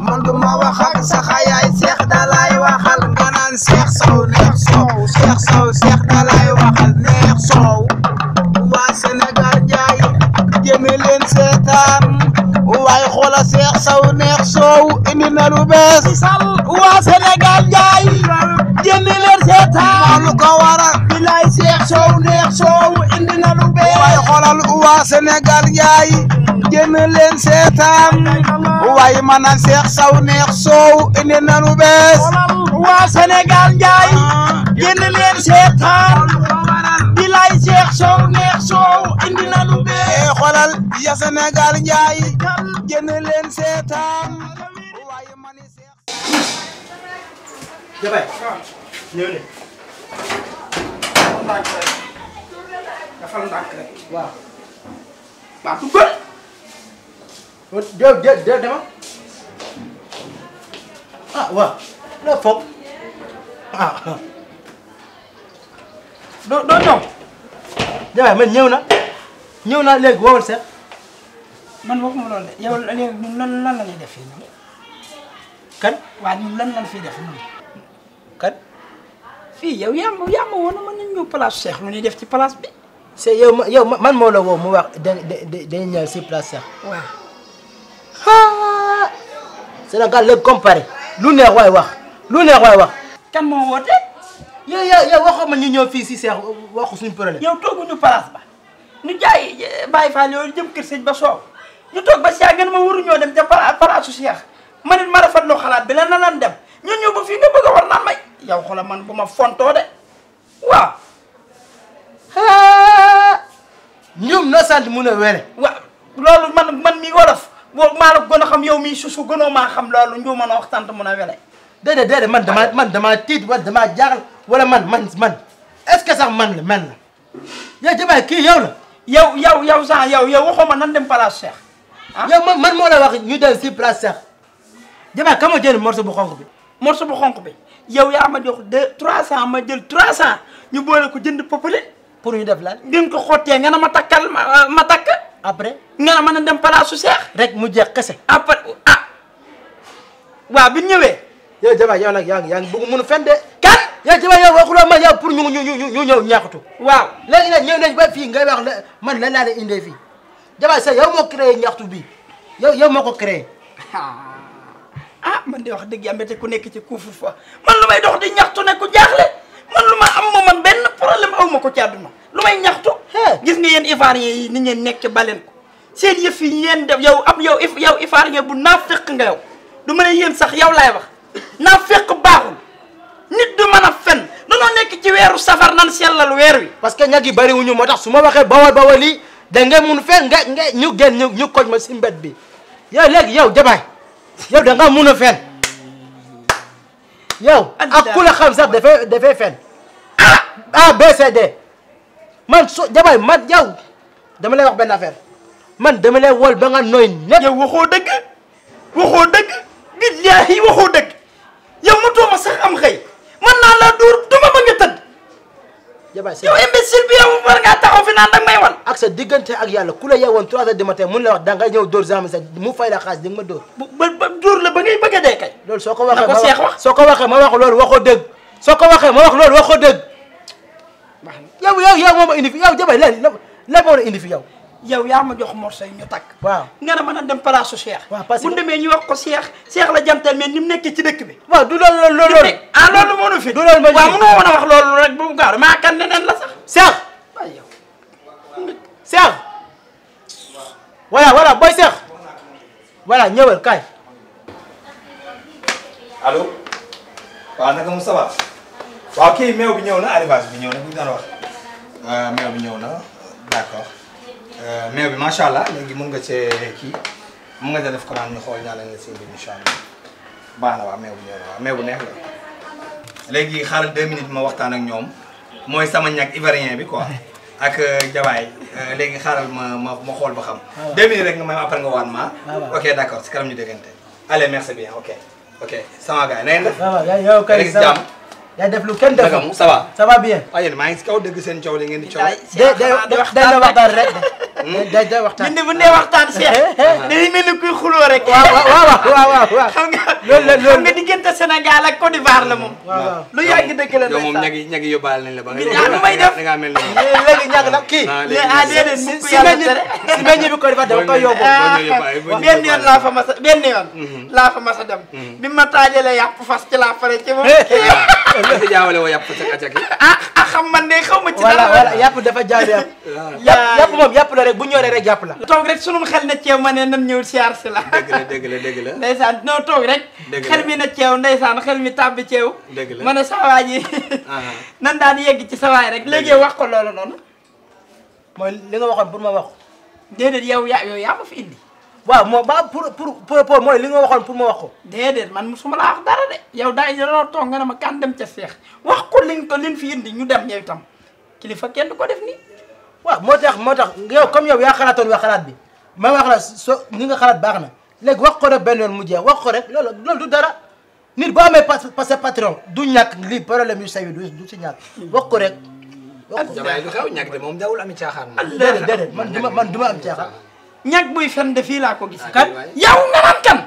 man du ma wax ak saxayaay seex dalay waxal nga naan seex sow neex sow seex sow seex dalay waxal neex sow waa Sénégal njaay jëme leen seetaan waaye xoola seex sow neex sow indi na lu bees sal waa Sénégal njaay jëme leen seetaan lu ko waral bilaay seex sow neex sow indi na lu bees waaye xoolal waa Sénégal njaay génn leen seetaan waaye mana seex saw neex soow indi na lu bees waa Sénégal njaay ah. génn leen seetaan bilay seex saw neex soow indi na lu bees eh, xoolal ya Sénégal njaay génn leen seetaan waaye mani seex jabay ñëw ne dafal ndànk rek waaw baatu bët jë jë jë demal ah waaw la foog doo doo ñëw. jaay man ñëw na ñëw na léegi wowal seet. man waxuma loolu de yow léegi ñun lan lan la ñuy def fii ñun. kan fi ñun lan lan fiy def ñun. kan. fii yow yaa ma yaa def ci place bi. c'est yow ma yow man moo la woo mu wax da da si place Cheikh. waaw. Sénégal le comparé lu neex waay wax lu neex waay wax. ya ya woote. yow yow yow waxoon ma ñu ya fii si Seex waxu suñu problème. yow tooguñu place ba ñu jaay eh, Baye Fall yooyu jëm kër sëñ ba soow ñu ya ba si yaa ngeen ma waruñoo dem ca palaasu Seex ma nit ma ya xalaat bi la na lan dem ñun ñëw ba fii nga bëgg a war naan may. yow xoola man bu ma de waaw. ñoom na sant mun a wéré. waaw loolu man man mi wolof. moom maa la gën a xam mi mii susu gënoo maa xam loolu ñu mën a wax tant mun a wele. déedéet déedéet man damaa man damaa tiit wala damaa jaaxal wala man man man est-ce que sax man la man la yow jabaay kii yow la. yow yow yow sax yow yow waxoo ma nan dem place Cheikh. ah yow man man moo la wax ñu dem si place Cheikh jabaay ka ma jël morceau bu xonq bi. morceau bu xonq bi yow yaa ma jox deux trois cent ma jël trois cent ñu boole ko jënd popule. pour ñu def lan. di nga ko xottee nga ma takkal ma ma après. nga y a dem palaasu seex. rek mu jeex kese. après ah. waaw bi ñëwee. yow jabaar yow nag yaa ngi yaa a bëgg mënu fen de. kan yow jabaar yow waxuloo man yow pour ñu ñu ñu ñu ñëw ñaaxutu. waaw léegi nag nañ ba fii ngay wax a man lan laa la indee fii jabaar sax yow moo créé ñaxtu bi yow yow moo créé. ah man de wax dëgg yàlla te ku nekk ci un fa man lu dox di ñaxtu ne ku jaaxle man lu am ma man benn problème aw ko ci àdduna lumay ñaxtu gis nga yeen ivoirien yi ni ngeen nekk balen ko seen yef yi ñeen def yow am yow yow ivoirien bu nafiq nga yow du meuna yeen sax yow lay wax nafiq baaxul nit du meuna fen fen no nek ci wéru safar nan selal wér wi parce que ñagi bari wuñu motax suma waxe bawal bawal yi da nga mun fen nga nga ñu gën ñu ñu koj ma ci mbet bi yow leg yow jabaay yow da nga mun fen yow akula xam sax defé defé fen ah, a b c d man so jabaay man yow dama lay wax benn affaire man dama lay wol ba nga nooy nekk. yow waxoo dëgg waxoo dëgg billaahi waxoo dëgg yow ma tooma sax am xëy man naa la dóor duma ma nga tëdd. jabaay yow imbécile bi yow war ngaa taxaw fi naan danga may wan. ak sa diggante ak yàlla ku la yeewoon trois heures du matin mun la wax dangay ñëw dóor gendarme sa mu fay la xaalis di nga ma dóor. ba ba la ba ngay bëgg a dee kay. loolu soo ko waxee ma wax soo waxee ma wax loolu waxoo dëgg. soo ko waxee ma wax loolu waxoo dëgg. yow yow yow moo ma indi fi yow jabay léegi la a indi fi yow. yow yaa jox morso yi ñu takk. waaw nga ne mën a dem palaasu Cheikh. waaw parce que bu demee ñu wax ko Cheikh Cheikh la jantal mais ni mu nekkee ci dëkk bi. waaw du loolu loolu loolu. ah loolu moo nu fi. du loolu ma waaw wax loolu rek bu mu maa kan neneen la sax. Cheikh. waaw yow. Cheikh. voilà voilà booy Cheikh. ñëw na arrivage bi ñëw na Euh, meew bi ñëw na d'accord euh, meew bi macha allah léegi mën nga cee kii mën nga def commande ñu xool ñaar la si indi incha allah baax na waaw bu ñëw na waaw meew bu neex la léegi xaaral deux minutes ma waxtaan ak ñoom mooy sama ñag ivoirien bi quoi. ak euh, jabaay léegi xaaral ma ma ma xool ba xam. Ah. deux minutes rek nga may après nga waan ma. Ah, ok d' accord si kanam ñu déggante. allez merci bien ok ok sama gars yi na ngeen def. waaw yow kay yaa def lu kenn deful naka ça va. ça va bien. waaw ah, yéen maa ngi si kaw dégg seen coow li ngeen di coow. day day waxtaan rek day day waxtaan. ñun de bu ñu nee waxtaan Cheikh. Eh, eh, eh. dañuy mel ni kuy xuloo rek. waaw waaw waaw waaw. xam nga loolu xam nga diggante Sénégal ak Côte d'Ivoire la moom. waaw lu yàgg dëkk la. yow moom ñag yi ñag yi yóbbaale nañ la ba. Ah, lu may def da ngaa mel ni léegi ñag nag kii. ah léegi ah, si si si meññ bi Côte d'Ivoire dama koy yóbbu. benn yoon laa fa mas a benn yoon. Mm-hmm. laa fa mas a dem. Mm-hmm. bi ma taajalee yàpp fas ci laa fare ci moom dafa jaawale woo yàpp ak acak yi. ah ah xam man de xaw ma ci dara. voilà voilà yàpp dafa jaawale yàpp. yàpp yàpp moom yàpp la rek bu ñoree rek yàpp la. toog rek sunum xel na ceew ma ne nan ñëw siyaar si la. dëgg la dëgg la dëgg la. ndeysaan noo toog rek. xel mi na ceew ndeysaan xel mi tàbbi ceew. dëgg la ma ne sawaay yi. nan daan yegg ci sawaay rek léegi wax ko loolu noonu. mooy li nga waxoon pour ma wax. déedéet yow yaa yow yaa ma fi indi. waaw moo ba pour pour propos mooy li nga waxoon pour ma wax ko. man mosuma laa wax dara de yow daay yoroo toog ma kan dem ca seex wax ko liñ ko liñ fi indi ñu dem yow itam kilifa kenn du ko def ni waaw moo tax moo tax yow comme yow yaa xalaatoon wax xalaat bi ma wax la soo ni nga xalaat baax na léegi wax ko rek benn yoon mu jeex wax ko rek loolu loolu du dara nit boo amee parce que patron du ñàkk li problème yu sayu du si ñàkk wax ko rek. wax ko jabaay lu xew ñàkk de moom dawul am caaxaan. déedéet déedéet man du ma man du ma am caaxaan. ñak buy fenn de fi la ko gis kan yaw nga nan kan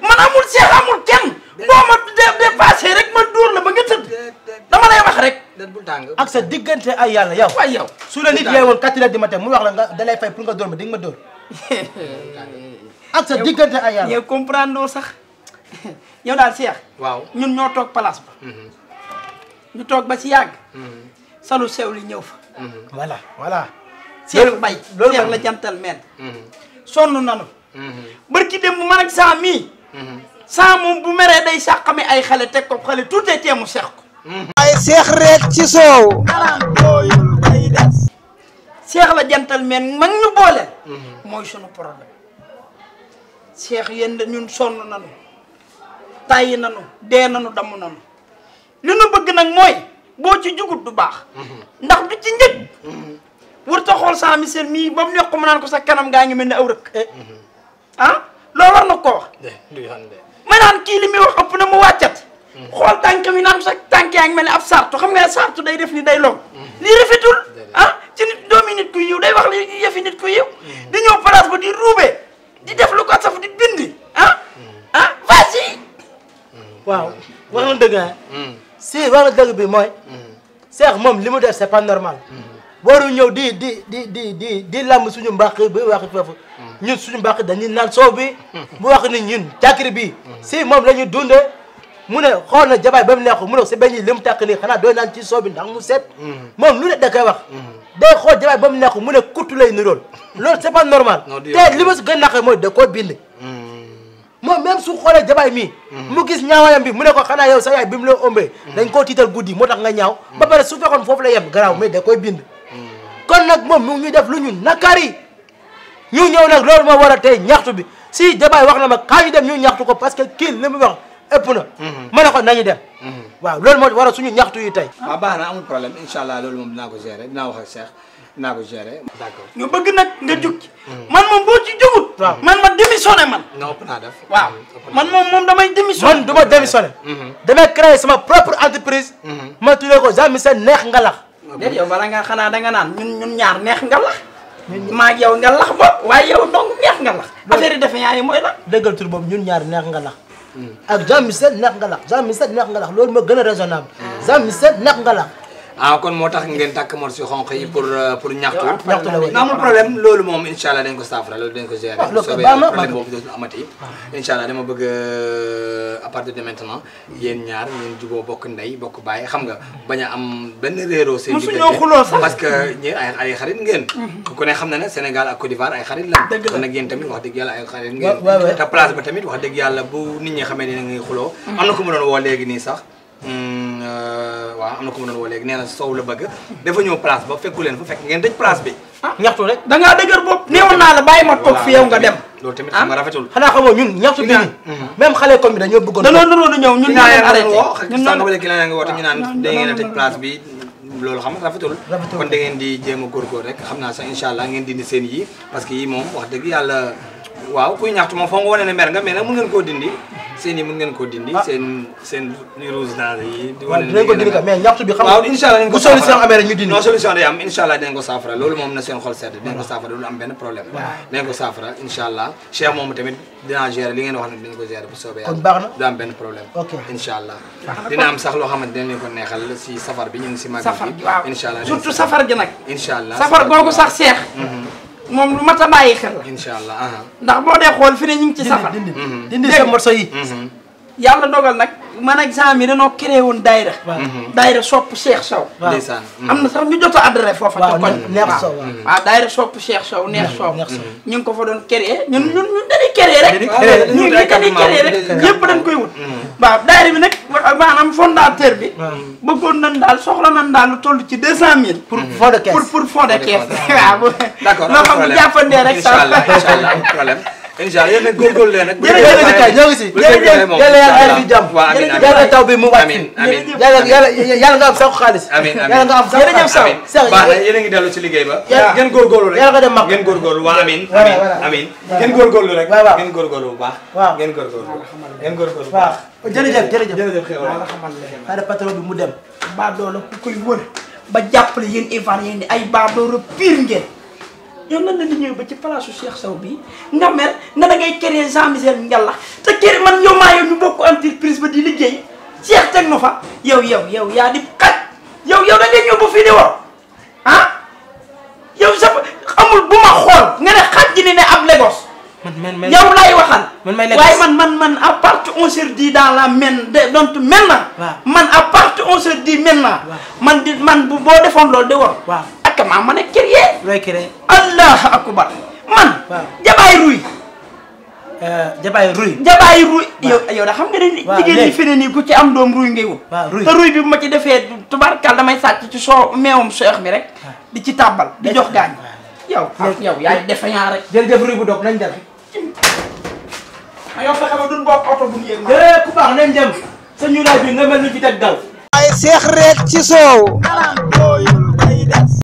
man amul cheikh amul kenn boo ma dépassé rek ma dóor la ba nga teud dama lay wax rek ak sa digënté ay yalla yaw way yaw su la nit yewon quatre heures di matin mu wax la nga dalay fay pour nga dóor ma di nga ma dóor ak sa digënté ay yalla yow comprendre sax yow dal cheikh waw ñun ño tok place ba mhm. ñu tok ba ci yag mhm. salu sew li ñëw fa voilà voilà Cheikh Mbaye Cheikh la gentleman mhm. sonn nanu mhm. bërki dem bu man ak saa mii mhm. saa moom bu meree day sàqami ay xale teg ko xale tuutee teemu seex ko ay seex rek ci soow alaam booyul day des seex la gentleman mag ñu boole mooy sunu problème seex yéen da ñun sonn nanu tàyyi nanu dee nanu damm nanu li nu bëgg nag mooy boo ci jugut du baax ndax du ci njëg war ta xool saa misel mii ba mu nekk mu naan ko sa kanam gaa ngi mel ne aw rëkk. ah loolu war na ko wax. ma naan kii li muy wax ëpp na mu wàccat. xool tànk mi naan sa tànk yaa ngi mel ne ab sartu xam nga sartu day def ni day lom mhm. lii rafetul ah ci nit doomi nit ku yiw day wax li yëfi nit ku yiw mhm. di ñëw place ba di ruube di def lu ko saf di bindi ah mhm. ah vas-y waaw wax na dëgg ah si wax na dëgg bi mooy seex moom li mu def c'est pas normal waru ñëw di di di di di di làmb suñu mbàq bi wax foofu mm. ñun suñu mbàq dañuy naan soow bi mm. bu wax ni ñun càkkiri bi mm. si moom la ñu dundee mu ne xool na jabaay ba mu neexul mu ne si beñ yi li mu tàkk nii xanaa dooy naan ci soow bi ndax mu set ne koy wax day xool jabaay ba mu neexul mu ne kuttu lay nirool loolu c'est pas normal te li ma si gën naqe mooy da koo bind moom même su xoolee jabaay mii mu gis ñaawaayam bi mu ne ko xanaa yow sa yaay bi mu la ëmbee koo guddi moo tax nga ñaaw ba pare su fekkoon foofu la yem garaaw mais da koy bind kon nag moom mu ngi def lu ñu nakari ñu ñëw nag loolu moo war a tey ñaxtu bi si débat wax na ma kaa ñu dem ñu ñaxtu ko parce que kii li mu wax ëpp na. Mhm. ma ne ko nañu dem. Mhm. waaw loolu moo war suñu ñaxtu yi tey. Ah, baax na amul problème incha allah loolu moom dinaa ko gérer dinaa wax ak ñu bëgg nag nga jug ci. Mhm. man moom boo ci jugut. man ma démissionné man. non ëpp naa def. waaw man moom moom damay démissionné. man du ma démissionné. damay créer sama propre entreprise. ma tuddee ko Jean Michel Neex Ngalax. déet yow bala nga xanaa danga naan ñun ñun ñaar neex nga lax maa yow nga lax ba waaye yow donc neex nga lax affaire yi defe yaa yi mooy la dëggal tur boobu ñun ñaar neex nga lax hmm. ak Jean Michel neex nga lax Jean Michel neex nga lax loolu moo gën a raisonnable hmm. Jean Michel neex nga lax ah kon motax ngeen tak morsi ci xonx yi pour euh, pour ñaxtu non amul problème lolu mom inshallah dañ ko safra lolu dañ ko gérer ah, soobé problème bobu dootul amati inshallah dama bëgg euh, à partir de maintenant yeen ñaar ñeen jugo bok nday bok baye xam nga baña am ben réro seen diggante parce que ñi ay ay xarit ngeen mhm. ku ne xam na ne Sénégal ak Côte d'Ivoire ay xarit la kon nak yeen tamit wax deug yalla ay xarit ngeen ta place ba tamit wax deug yalla bu nit ñi xamé ni ngay xulo mhm. amna ko mu wo légui ni sax hmm. Euh, waaw am na ko mu doon woo léegi nee soow la bëgg dafa ñëw place ba fekku leen fekk ngeen dëj place bi ah, ñaxtu rek da dëgër bopp néewoon naa la bàyyi ma toog fi yow nga dem loolu tamit ah, xam nga rafetul a a xam a naa sax incha allah ngeen dindi seen yi parce que yi moom wax dëgg yàlla waaw kuy ñaxtu moom foo nga wane ne mer nga mais nag mën ngeen koo dindi seen yi ngeen koo dindi ah. seen seen rouge dent di ah, wane dinañ ko dindi mais ñaxtu bi xam waaw incha saafara loolu moom na seen xol sedd dinañ ko saafara saafara incha allah moom tamit dinaa gérer li ngeen wax ne dinañ ko gérer bu soobee yàlla kon na du am benn problème incha dina am sax loo xamante dinañ ko neexal si safar bi ñu ngi si mag bi incha allah surtout safar gi nag incha allah moom lu mat a bàyyi xel la. incha allah. ndax boo dee xool fi ne ñu ngi ci safar. dindi dindi sa morso yi. Mhm. yàlla dogal nag man ak Jean mi danoo créé woon daayira. Mhm. daayira sopp Cheikh Sow. ndeysaan mhm. am na sax ñu jot a adhéré foofa. waaw neex Sow waaw ah, daayira sopp Cheikh Sow neex mhm, Sow. ñu ngi ko fa doon créé ñun ñun ñun dañuy créé rek. ñu dañuy créé rek yëpp dañ koy wut. waaw daayira bi nag maanaam fondateur bi. bëggoon nañ daal soxla nañ daal lu toll ci deux cent mille. pour fond de caisse pour pour fond de caisse. waaw d'accord loo xam ne jàppandee rek. incha allah incha allah problème. incha allah yéen a góorgóorlu leen rek. jërëjëf Ndikaay ñoo ngi si jërëjëf yàlla yàlla fi jàmm. waaw amiin amiin yàlla taw bi mu wàcc. amiin amiin yàlla yàlla nga am sax xaalis. amiin amiin yàlla nga am sax xaalis sax baax na yéen a ngi dellu ci liggéey ba. waaw ngeen góorgóorlu rek yàlla ko dem mag ngeen góorgóorlu waaw amiin. amiin amiin ngeen góorgóorlu rek. waaw waaw ngeen góorgóorlu bu baax. waaw ngeen góorgóorlu ngeen góorgóorlu bu baax. jërëjëf jërëjëf jërëjëf xew la xamal patron bi mu dem baa doole ku koy wër ba jàppale yéen Ivan yéen ay baa doole pire ngeen yow nan la ñu ñëw ba ci palaasu Cheikh Sow bi nga mer na da ngay créer Jean Michel Ndialla te kër man yow maa yow ñu bokk entreprise ba di liggéey Cheikh teg na fa yow yow yow yaa di xaj yow yow da ngay ñëw ba fii di war ah yow sa amul buma ma xool nga ne xaj gi ni ne ab Lagos. man man yow lay waxal. man may Lagos waaye man man man à part on se dit dans la main de donc maintenant. man à part on se dit maintenant. man di man bu boo defoon loolu di war. waaw ak ma mën a créer. looy créer. allah akubar man. waaw jabaay ruy. Eh, jabaay ruy. jabaay ruy yow yow da xam nga ne. waaw jigéen ñi fi ne nii ku ci am doom ruy ngay wut. waaw ruy te ruy bi ma ci defee tubaarkal damay sàcc ci soo meewum seex mi rek. di ci tàbbal di jox gaañ. yow yow yaay defe ñaar rek. jërëjëf ruy bu dog nañ dem. yow fexe ba duñ bokk oto bu ñu yëg. jërëjëf ku baax nañ dem. sa ñuulaay bi nga mel ci teg daw. waaye seex rek ci soow.